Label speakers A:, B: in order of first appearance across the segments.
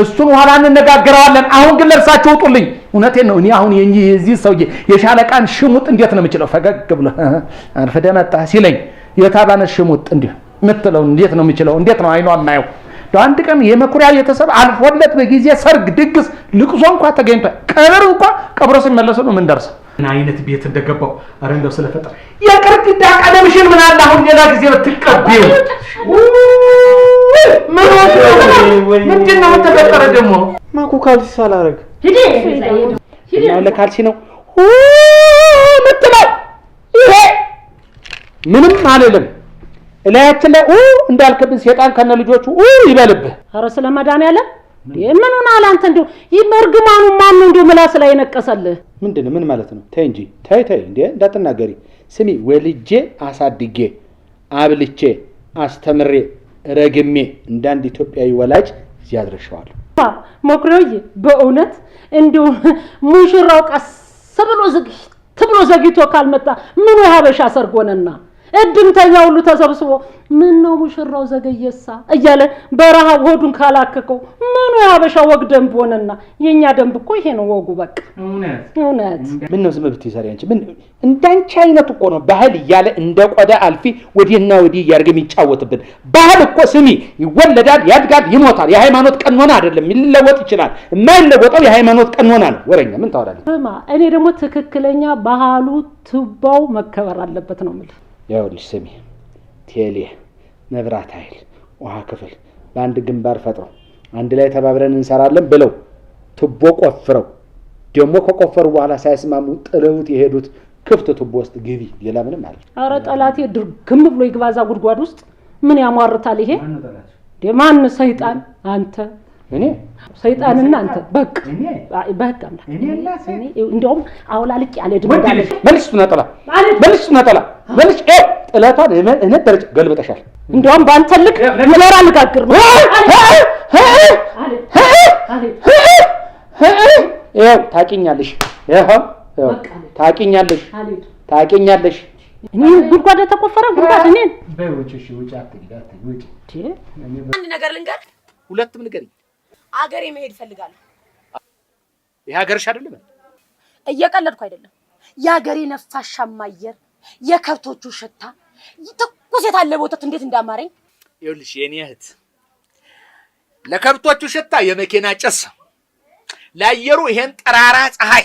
A: እሱን በኋላ እንነጋገረዋለን። አሁን ግን ለብሳችሁ ውጡልኝ። እውነቴን ነው። እኔ አሁን የዚህ ሰውዬ የሻለቃን ሽሙጥ እንዴት ነው የምችለው? ፈገግ ብሎ አርፍደህ መጣህ ሲለኝ የታባነ ሽሙጥ እንዲሁ የምትለው እንዴት ነው የምችለው? እንዴት ነው አይኗ የማየው? አንድ ቀን የመኩሪያ ቤተሰብ አልፎለት በጊዜ ሰርግ፣ ድግስ፣ ልቅሶ እንኳ ተገኝቶ ቀብር እንኳ ቀብሮ ሲመለሱ ነው የምንደርሰው።
B: ምን አይነት ቤት እንደገባው አረ እንደው ስለፈጠረ
A: የቅርቅዳ ቀለምሽን ምን አለ አሁን ሌላ ጊዜ ብትቀቢው ምንድን ነው ተፈጠረ? ደግሞ
B: ማኩ ካልሲ ሳላረግ
A: እና ለካልሲ ነው ምትለው። ይሄ ምንም አልልም። እላያችን ላይ እንዳልክብን ሴጣን ከነ ልጆቹ ይበልብህ።
C: ኧረ ስለ ያለ ምን ሆነሃል አንተ? እንደው ይህ እርግማኑ ማነው? እንደው ምላስ ላይ ነቀሰልህ።
A: ምንድን ምን ማለት ነው? ተይ እንጂ ተይ ተይ፣ እንደ እንዳትናገሪ። ስሚ፣ ወልጄ አሳድጌ አብልቼ አስተምሬ ረግሜ እንደ አንድ ኢትዮጵያዊ ወላጅ እዚህ አድርሻዋለሁ።
C: መኩሪያዬ በእውነት እንዲሁ ሙሽራው ቀስ ብሎ ዝግ ትብሎ ዘግይቶ ካልመጣ ምን የሀበሻ ሰርግ ሆነና እድምተኛ ሁሉ ተሰብስቦ ምን ነው ሙሽራው ዘገየሳ እያለ በረሃብ ሆዱን ካላከከው ምኑ የሀበሻ ወግ ደንብ ሆነና? የእኛ ደንብ እኮ ይሄ ነው ወጉ። በቃ እውነት
A: ምን ነው ዝም ብትይ ዛሬ አንቺ ምን እንዳንቺ አይነት እኮ ነው ባህል እያለ እንደ ቆዳ አልፊ ወዲህና ወዲህ እያደረገ የሚጫወትብን ባህል እኮ ስሚ፣ ይወለዳል፣ ያድጋል፣ ይሞታል። የሃይማኖት ቀኖና አይደለም ሊለወጥ ይችላል። የማይለወጠው የሃይማኖት ቀኖና ነው። ወረኛ ምን ታወራለህ?
C: እኔ ደግሞ ትክክለኛ ባህሉ ትባው መከበር አለበት ነው የምልህ
A: ይኸውልሽ ስሚ፣ ቴሌ፣ መብራት ኃይል፣ ውሃ ክፍል በአንድ ግንባር ፈጥረው አንድ ላይ ተባብረን እንሰራለን ብለው ቱቦ ቆፍረው ደግሞ ከቆፈሩ በኋላ ሳይስማሙ ጥለውት የሄዱት ክፍት ቱቦ ውስጥ ግቢ። ሌላ ምንም አለ?
C: አረ ጠላቴ ድርግም ብሎ የግባዛ ጉድጓድ ውስጥ ምን ያሟርታል ይሄ? ማን ሰይጣን አንተ እኔ ሰይጣንና አንተ በቃ በህግ
A: አምላክ
C: እንዲያውም አውላልቅ ያለ መልስ መልስ
A: መልስ ጥለቷን ደረጃ ገልበጠሻል። እንዲያውም በአንተ ልክ ምኖር አነጋግር ነው። ይኸው ታውቂኛለሽ፣ ታውቂኛለሽ፣ ታውቂኛለሽ
C: እኔ ጉድጓድ ተቆፈረ ጉድጓድ እኔን አንድ ነገር ልንገር፣ ሁለትም ንገሪኝ አገሬ መሄድ እፈልጋለሁ።
A: ይሄ ሀገርሽ አይደለም።
C: እየቀለድኩ አይደለም። የሀገሬ ነፋሻማ አየር፣ የከብቶቹ ሽታ፣ ትኩስ የታለ ወተት እንዴት እንዳማረኝ።
A: ይኸውልሽ የኔ እህት ለከብቶቹ ሽታ የመኪና ጭስ፣ ለአየሩ ይሄን ጠራራ ፀሐይ፣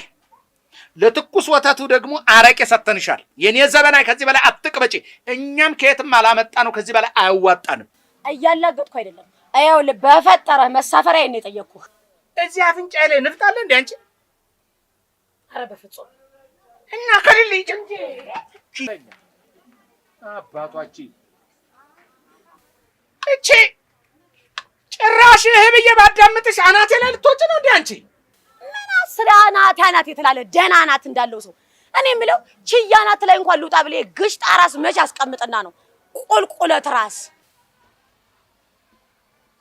A: ለትኩስ ወተቱ ደግሞ አረቄ ሰተንሻል። የኔ ዘበናይ ከዚህ በላይ አትቅበጪ። እኛም ከየትም አላመጣ ነው። ከዚህ በላይ አያዋጣንም።
C: እያላገጥኩ አይደለም ይኸውልህ በፈጠረህ መሳፈሪያ ነው የጠየቅኩህ።
A: እዚህ አፍንጫ ላይ ንፍጣለ እንደ አንቺ። ኧረ በፍጹም እና ከልልይ እንጂ አባቷችን እቺ ጭራሽ ይሄ ብዬ ባዳምጥሽ አናቴ ላይ ልትወጪ ነው እንደ አንቺ።
C: ምን አናቴ አናቴ ትላለህ? ደህና ናት እንዳለው ሰው እኔ የምለው ችያ ናት ላይ እንኳን ልውጣ ብለህ ግሽጣ ራስ መቼ አስቀምጥና ነው ቁልቁለት ራስ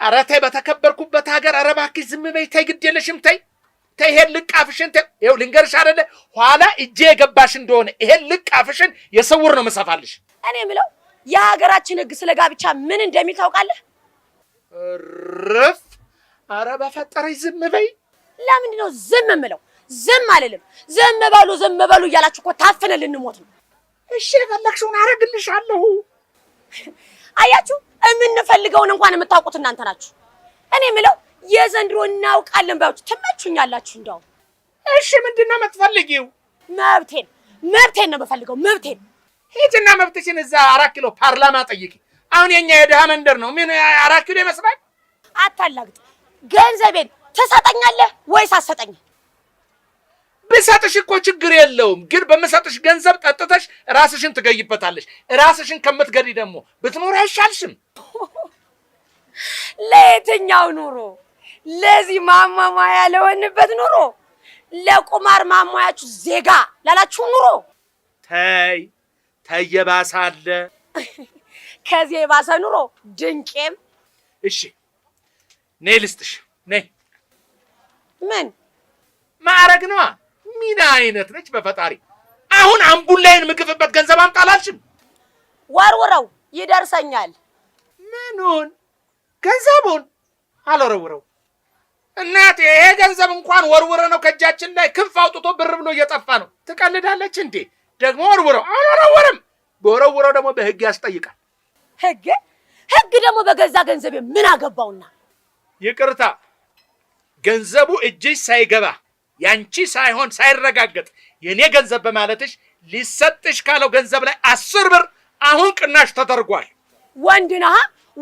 A: ኧረ ተይ በተከበርኩበት ሀገር ኧረ እባክሽ ዝም በይ ተይ ግድ የለሽም ተይ ተይ ይሄን ልቃፍሽን አፍሽን ይኸው ልንገርሽ አይደለ ኋላ እጄ የገባሽ እንደሆነ ይሄን ልቃፍሽን አፍሽን የሰውር ነው መሰፋልሽ
C: እኔ የምለው የሀገራችን ህግ ስለ ጋብቻ ምን እንደሚል ታውቃለህ
A: ርፍ ኧረ በፈጠረሽ ዝም በይ
C: ለምንድን ነው ዝም የምለው ዝም አልልም ዝም በሉ ዝም በሉ እያላችሁ እኮ ታፍነ ልንሞት ነው
A: እሺ የፈለግሽውን አረግልሻለሁ
C: አያችሁ የምንፈልገውን እንኳን የምታውቁት እናንተ ናችሁ። እኔ የምለው የዘንድሮ እናውቃለን ባዮች ትመቹኛላችሁ። እንደው
A: እሺ፣ ምንድን ነው የምትፈልጊው?
C: መብቴን መብቴን ነው የምፈልገው መብቴን።
A: ሂጂና መብትሽን እዛ አራት ኪሎ ፓርላማ ጠይቂ። አሁን የኛ የድሃ መንደር ነው። ምን አራት ኪሎ ይመስላል?
C: አታላግጥ። ገንዘቤን ትሰጠኛለህ ወይስ አትሰጠኝም?
A: ብሰጥሽ እኮ ችግር የለውም፣ ግን በምሰጥሽ ገንዘብ ጠጥተሽ ራስሽን ትገይበታለሽ። ራስሽን ከምትገዲ ደግሞ ብትኖር አይሻልሽም?
C: ለየትኛው ኑሮ? ለዚህ ማሟሟያ ለሆንበት ኑሮ፣ ለቁማር ማሟያችሁ ዜጋ ላላችሁ ኑሮ።
A: ተይ ተይ፣ የባሰ አለ።
C: ከዚህ የባሰ ኑሮ ድንቄም።
A: እሺ ኔ ልስጥሽ። ኔ ምን ማዕረግ ነዋ ሚና አይነት ነች በፈጣሪ! አሁን አምቡላይን ምግፍበት ገንዘብ አምጣ
C: ወርውረው ይደርሰኛል።
A: ምኑን? ገንዘቡን አልወረውረው እናቴ። ይሄ ገንዘብ እንኳን ወርውረ ነው ከእጃችን ላይ ክንፍ አውጥቶ ብር ብሎ እየጠፋ ነው። ትቀልዳለች እንዴ? ደግሞ ወርውረው። አልወረውርም። በወረውረው ደግሞ በህግ ያስጠይቃል።
C: ህግ ህግ ደግሞ በገዛ ገንዘቤ ምን አገባውና?
A: ይቅርታ ገንዘቡ እጅሽ ሳይገባ ያንቺ ሳይሆን ሳይረጋገጥ የእኔ ገንዘብ በማለትሽ ሊሰጥሽ ካለው ገንዘብ ላይ አስር ብር አሁን ቅናሽ ተደርጓል።
C: ወንድ ነህ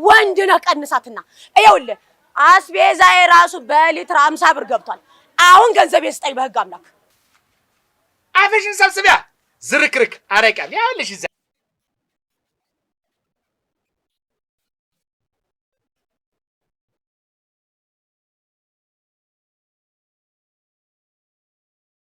C: ወንድ ነህ። ቀንሳትና ይኸውልህ አስቤዛ ራሱ በሊትር አምሳ ብር ገብቷል። አሁን ገንዘብ የስጠኝ በህግ አምላክ።
A: አፍሽን ሰብስቢያ ዝርክርክ አረቂያም ያልሽ